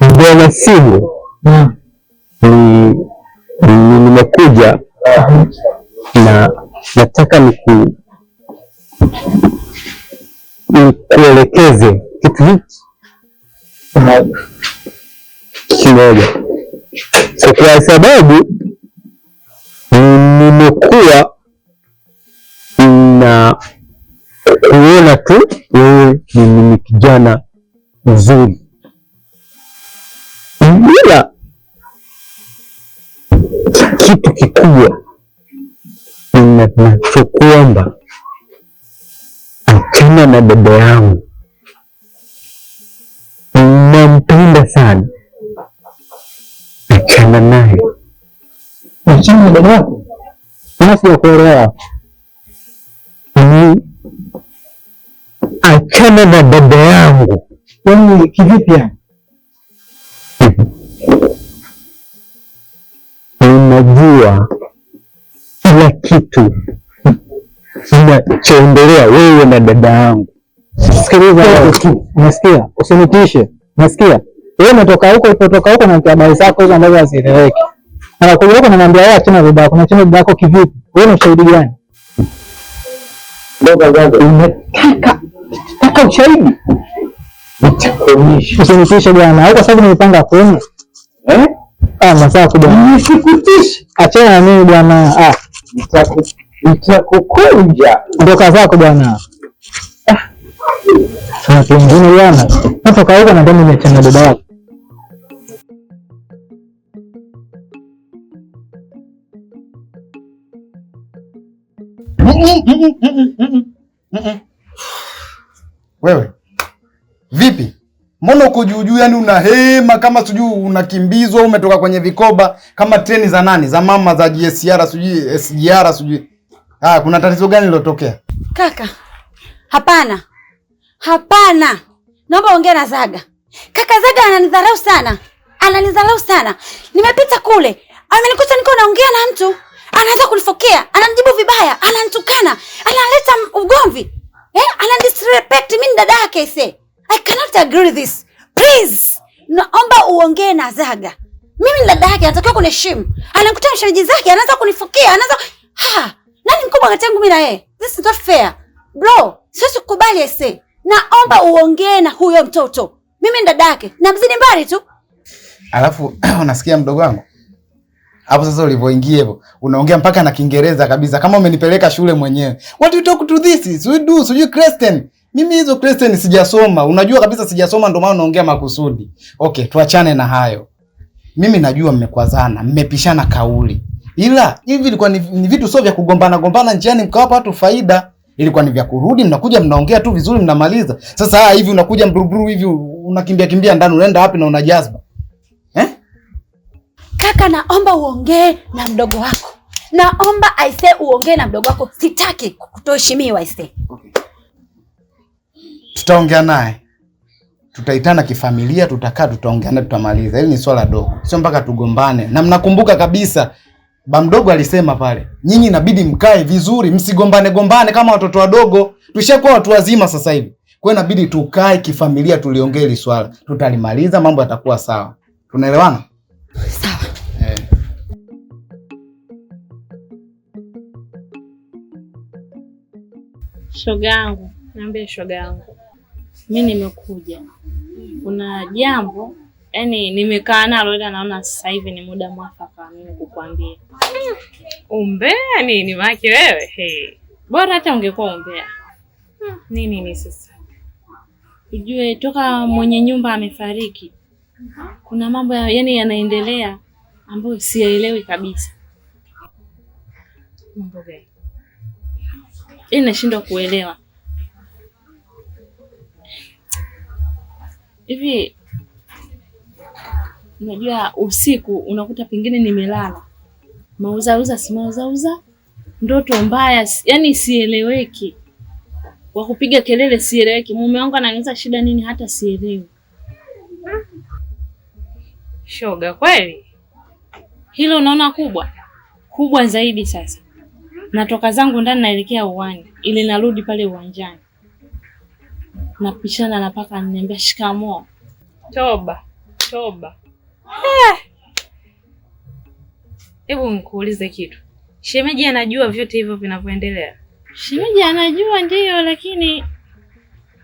ndio ni nimekuja na nataka niku nikuelekeze kitu hiki kimoja, kwa sababu nimekuwa na kuona tu wewe ni kijana mzuri bila kitu kikubwa ninachokuomba, achana na dada yangu, nampenda sana, achana naye. Achana na dada yako, nasiakuelewa. Achana na dada yangu. Yaani kivipi? unajua kila kitu kinachoendelea wewe na dada yangu. Sikiliza nasikia, Usinitishe, Nasikia Wewe umetoka huko, ulipotoka huko, na habari zako hizo ambazo hazieleweki, anakuja huko, namwambia wewe ah, achana baba yako. Nachana baba yako kivipi? Wewe una ushahidi gani? Unataka ushahidi? Usinitishe bwana, kwa sababu nimepanga kwenu eh Ah, Nisikutishe, achana na mimi bwana, ah. nitakukunja ndo kazako bwana. Watu ah. wengine bwana, natoka huko na ndani nimechana dada yako wewe mbona uko juu juu, yani una hema kama sijui unakimbizwa, umetoka kwenye vikoba kama treni za nani za mama za GSR sijui SGR sijui. Ah, kuna tatizo gani lilotokea kaka? Hapana, hapana, naomba ongea na Zaga. Kaka Zaga ananidharau sana, ananidharau sana. Nimepita kule amenikuta niko naongea na mtu, anaanza kunifokea, ananijibu vibaya, ananitukana, analeta ugomvi eh, anadisrespect mimi dada yake ise I cannot agree with this. Please, naomba uongee na Zaga. Mimi ni dada yake, anatakiwa kuniheshimu. Anakuta mshaji zake, anaanza kunifukia, anaanza ha, nani mkubwa kati yangu mimi na yeye? This is not fair. Bro, siwezi kukubali ese. Naomba uongee na huyo mtoto. Mimi ni dada yake, namzidi mbali tu. Alafu unasikia mdogo wangu? Hapo sasa ulivyoingia hapo, unaongea mpaka na Kiingereza kabisa kama umenipeleka shule mwenyewe. What you talk to this? We do, so you Christian. Mimi hizo Kristen sijasoma, unajua kabisa sijasoma, ndio maana unaongea makusudi. Okay, tuachane na hayo. Mimi najua mmekwazana, mmepishana kauli, ila hivi ilikuwa ni, ni vitu sio vya kugombana gombana njiani mkawapa watu faida. Ilikuwa ni vya kurudi, mnakuja mnaongea tu vizuri, mnamaliza. Sasa haa, ah, hivi unakuja mburuburu hivi unakimbia kimbia ndani, unaenda wapi na una jazba eh? Kaka, naomba uongee na mdogo wako, naomba aise, uongee na mdogo wako, sitaki kutoheshimiwa aise. Okay tutaongea naye, tutaitana kifamilia, tutakaa, tutaongea naye, tutamaliza. Hili ni swala dogo, sio mpaka tugombane. Na mnakumbuka kabisa ba mdogo alisema pale, nyinyi inabidi mkae vizuri, msigombane gombane kama watoto wadogo. Tushakuwa watu wazima sasa hivi, kwa hiyo inabidi tukae kifamilia, tuliongee hili swala, tutalimaliza, mambo yatakuwa sawa. Tunaelewana? Sawa. Eh. Shogangu, niambie shogangu, mi nimekuja, kuna jambo yani nimekaa nalo, ila naona sasa hivi ni muda mwafaka mimi kukwambia. Umbea nini maki wewe? Hey, bora hata ungekuwa umbea nini ni Sasa ujue toka mwenye nyumba amefariki, kuna mambo ya, yani yanaendelea ambayo siyaelewi kabisa. Mambo gani? Yaani nashindwa kuelewa hivi unajua usiku unakuta pengine nimelala mauzauza simauzauza ndoto mbaya, yani sieleweki, wa kupiga kelele sieleweki. Mume wangu ananiuliza shida nini, hata sielewi. Shoga, kweli hilo unaona kubwa kubwa zaidi. Sasa natoka zangu ndani naelekea uwanja, ili narudi pale uwanjani napishana na paka ananiambia shikamoo. Toba toba. Eh! Hebu nikuulize kitu, shemeji anajua vyote hivyo vinavyoendelea? Shemeji anajua ndiyo, lakini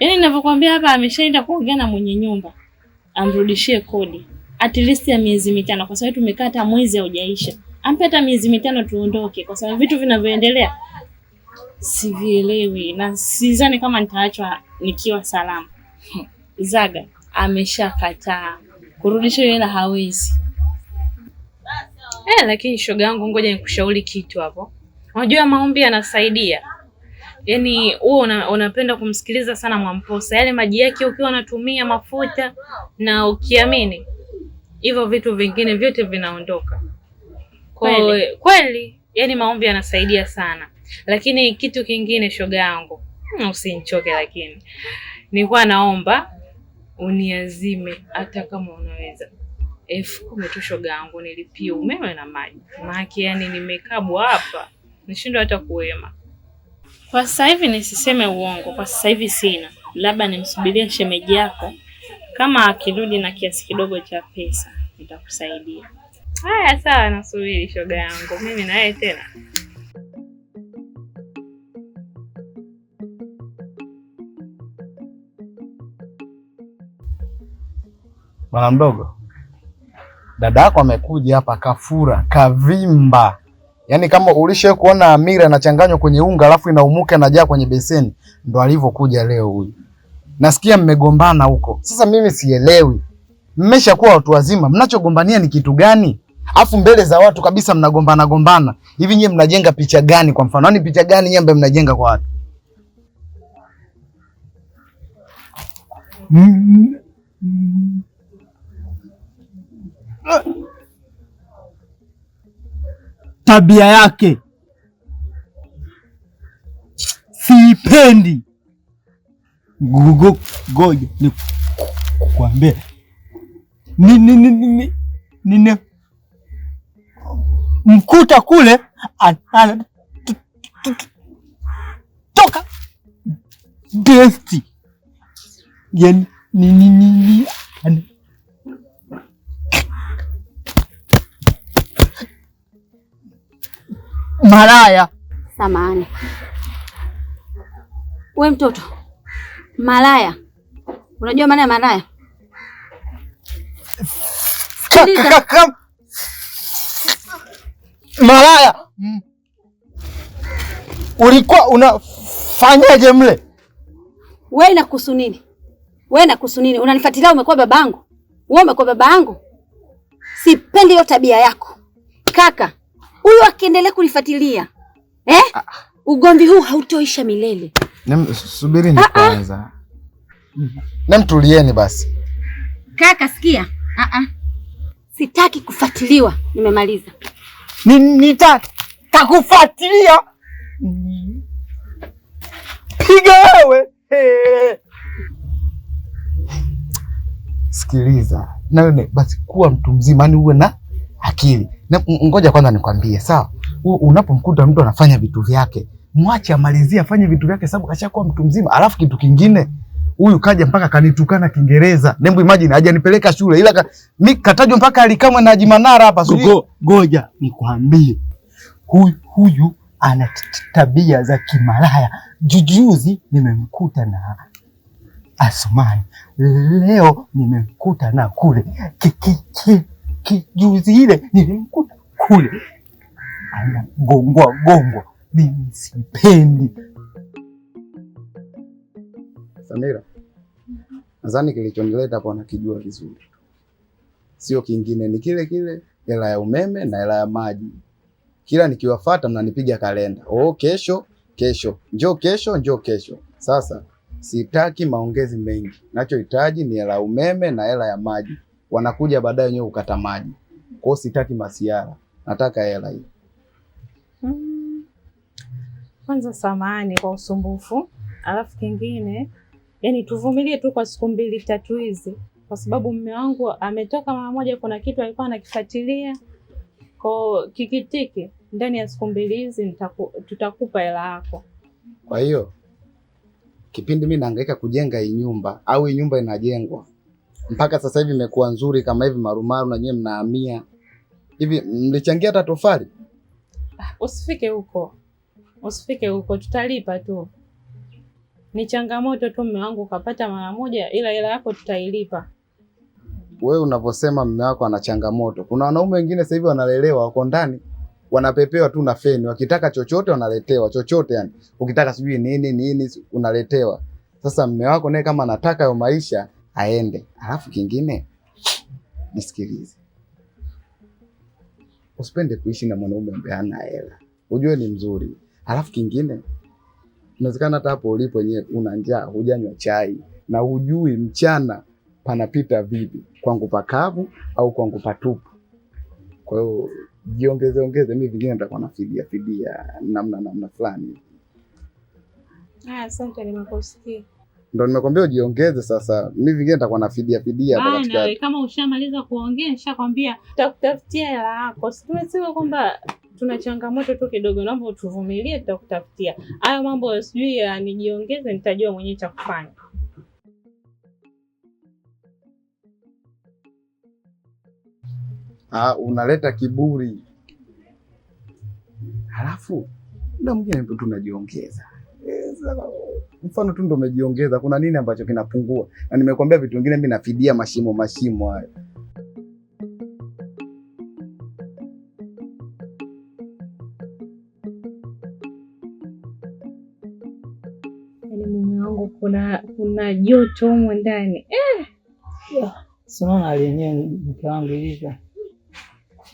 yaani ninavyokuambia hapa, ameshaenda kuongea na mwenye nyumba amrudishie kodi at least ya miezi mitano, kwa sababu tumekaa hata mwezi haujaisha. Ampe hata miezi mitano tuondoke, kwa sababu vitu vinavyoendelea sivielewi na sizani kama nitaachwa nikiwa salama. Zaga ameshakataa kurudisha hela, hawezi. Eh, lakini shoga yangu, ngoja nikushauri kitu hapo. Unajua maombi yanasaidia, yaani wewe una, unapenda kumsikiliza sana Mwamposa, yale maji yake ukiwa unatumia mafuta na ukiamini hivyo, vitu vingine vyote vinaondoka. Kweli kweli, yaani maombi yanasaidia sana. Lakini kitu kingine, shoga yangu, hmm, usinichoke, lakini nilikuwa naomba uniazime hata kama unaweza elfu kumi tu shoga yangu, nilipie umeme na maji, maake yani nimekabwa hapa, nishindwa hata kuema. kwa sasa hivi. Nisiseme uongo, kwa sasa hivi sina, labda nimsubirie shemeji yako, kama akirudi na kiasi kidogo cha pesa nitakusaidia. Haya, sawa, nasubiri shoga yangu, mimi naye tena Bwana mdogo, dada yako amekuja hapa kafura, kavimba. Yaani kama ulishawahi kuona amira inachanganywa kwenye unga alafu inaumuka inajaa kwenye beseni, ndo alivyokuja leo huyu. Nasikia mmegombana huko. Sasa mimi sielewi, mmeshakuwa watu wazima, mnachogombania ni kitu gani? Afu mbele za watu kabisa mnagombana gombana hivi, nyie mnajenga picha gani? Kwa mfano, yaani picha gani nyie ambayo mnajenga kwa watu? Mm, -hmm tabia yake siipendi. Gugu, goja ni kukwambia ni, ni, ni, ni, ni, ni, mkuta kule anatoka gesti yani ni, ni, ni, ni, Malaya. Samahani we mtoto, malaya. Unajua maana ya malaya? Malaya, mm. ulikuwa unafanyaje mle? We inakuhusu nini? We inakuhusu nini? Unanifuatilia, umekuwa babangu, we umekuwa babangu. Sipendi hiyo tabia yako kaka huyu akiendelea kulifuatilia eh? Ah. Ugomvi huu hautoisha milele. Subiri ni ah, ah. kwanza, nemtulieni basi. Kaka sikia, a a, sitaki kufuatiliwa, nimemaliza. Nitakufuatilia piga wewe. Sikiliza nawe basi, kuwa mtu mzima, ni uwe na akili. Ngoja kwanza nikwambie, sawa? Unapomkuta mtu anafanya vitu vyake, mwache amalizie afanye vitu vyake, sababu kashakuwa mtu mzima. Alafu kitu kingine, huyu kaja mpaka kanitukana Kiingereza. Nembo, imagine hajanipeleka shule, ila ka, mi katajwa mpaka alikamwe na Jimanara hapa. ngoja nikwambie, huyu huyu ana tabia za kimalaya. Jujuzi nimemkuta na Asumani, leo nimemkuta na kule kikiki kijuzi ile nilimkuta kule anagongwa gongwa, mimi sipendi. Samira, nadhani kilichonileta hapo nakijua vizuri, sio kingine, ni kile kile hela ya umeme na hela ya maji. Kila nikiwafuata mnanipiga kalenda, oh, kesho kesho, njoo kesho, njoo kesho. Sasa sitaki maongezi mengi, nachohitaji ni hela ya umeme na hela ya maji wanakuja baadaye wenyewe ukata maji. Kwa hiyo sitaki masiara, nataka hela hiyo. Hmm. Kwanza samahani kwa usumbufu, alafu kingine, yani tuvumilie tu kwa siku mbili tatu hizi, kwa sababu mume wangu ametoka mara moja, kuna kitu alikuwa anakifuatilia kwa kikitiki. Ndani ya siku mbili hizi tutakupa hela yako. Kwa hiyo kipindi mimi naangaika kujenga hii nyumba au hii nyumba inajengwa mpaka sasa hivi imekuwa nzuri kama hivi marumaru, na nyewe mnahamia hivi. Mlichangia hata tofali? Ah, usifike huko, usifike huko, tutalipa tu. Ni changamoto tu, mme wangu kapata mara moja, ila hela yako tutailipa. Wewe unavyosema mme wako ana changamoto, kuna wanaume wengine sasa hivi wanalelewa, wako ndani wanapepewa tu na feni, wakitaka chochote wanaletewa chochote, yani ukitaka sijui nini nini unaletewa. Sasa mme wako naye kama anataka hayo maisha aende. Alafu kingine nisikilize, usipende kuishi na mwanaume ambaye hana hela, ujue ni mzuri. Alafu kingine inawezekana hata hapo ulipo wenyewe una njaa, hujanywa chai na hujui mchana panapita vipi, kwangu pakavu au kwangu patupu. Kwa hiyo jiongeze ongeze, mimi vingine nitakuwa nafidia fidia namna namna fulani. Ah, asante, nimekusikia. Ndo nimekwambia ujiongeze sasa. Mimi vingine nitakuwa na fidia hapa katikati. Kama ushamaliza kuongea, nishakwambia tutakutafutia hela yako. Tumesema kwamba tuna changamoto tu kidogo, naomba utuvumilie, tutakutafutia. Hayo mambo sijui ya nijiongeze, nitajua mwenyewe cha kufanya. Ah, unaleta kiburi, halafu muda mwingine tunajiongeza mfano tu ndo umejiongeza. Kuna nini ambacho kinapungua? Na nimekuambia vitu vingine, mimi nafidia mashimo mashimo hayo. Yaani kuna kuna joto humo ndani eh. Sinaona hali yenyewe mke wangu ilivyo,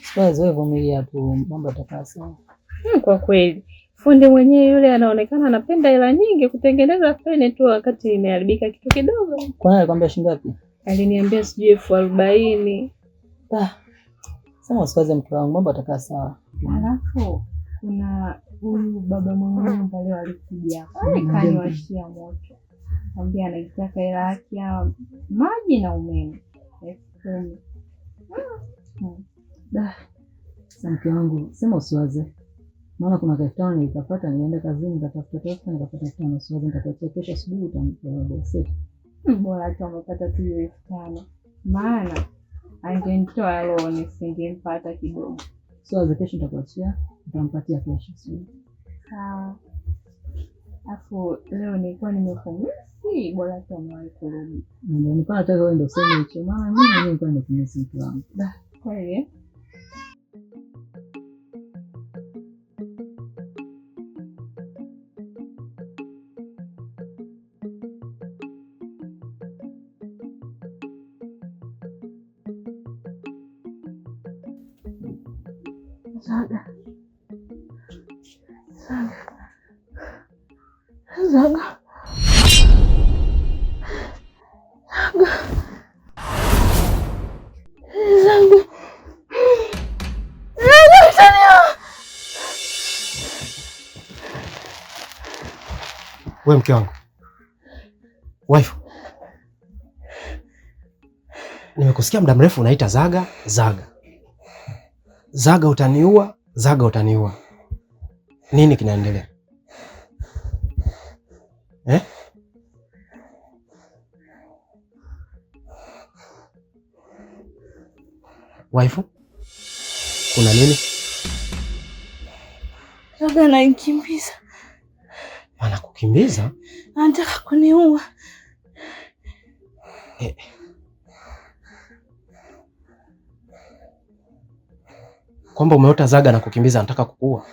siwezi wewe tu, mambo yatakaa sawa. Hmm, kwa kweli Fundi mwenyewe yule anaonekana anapenda hela nyingi kutengeneza feni tu, wakati imeharibika kitu kidogo. nini alikwambia shilingi ngapi? Aliniambia sijui elfu arobaini. Ah, sema usiwaze mke wangu, mambo atakaa sawa. Halafu kuna huyu baba mwenye pale alikuja kaniwashia moto, ambia anaitaka hela yake ya maji na umeme elfu kumi. Hmm. Mke wangu, sema usiwaze maana kuna elfu tano nikapata, nienda kazini nikatafuta tafuta, nikapata elfu tano siwezi, nitakuachia kesho asubuhi utampa bosi. Hmm, bora hata amepata tu hiyo elfu tano maana angenitoa leo nisingempa hata kidogo. za kesho nitakuachia, nitampatia kesho asubuhi. Sawa. Afu leo nilikuwa nimekumisi, bora hata amewahi kurudi. Ndio nipata nataka wewe ndio useme ah! hicho, maana mimi nilikuwa nimekumisi mtu wangu. Kwa hiyo eh? we mke wangu, wife, nimekusikia muda mrefu unaita zaga zaga zaga, utaniua zaga, utaniua. Nini kinaendelea eh? Wife, kuna nini? Zaga ananikimbiza kukimbiza? Anataka kuniua. Eh. Kwamba umeota zaga na kukimbiza anataka kukua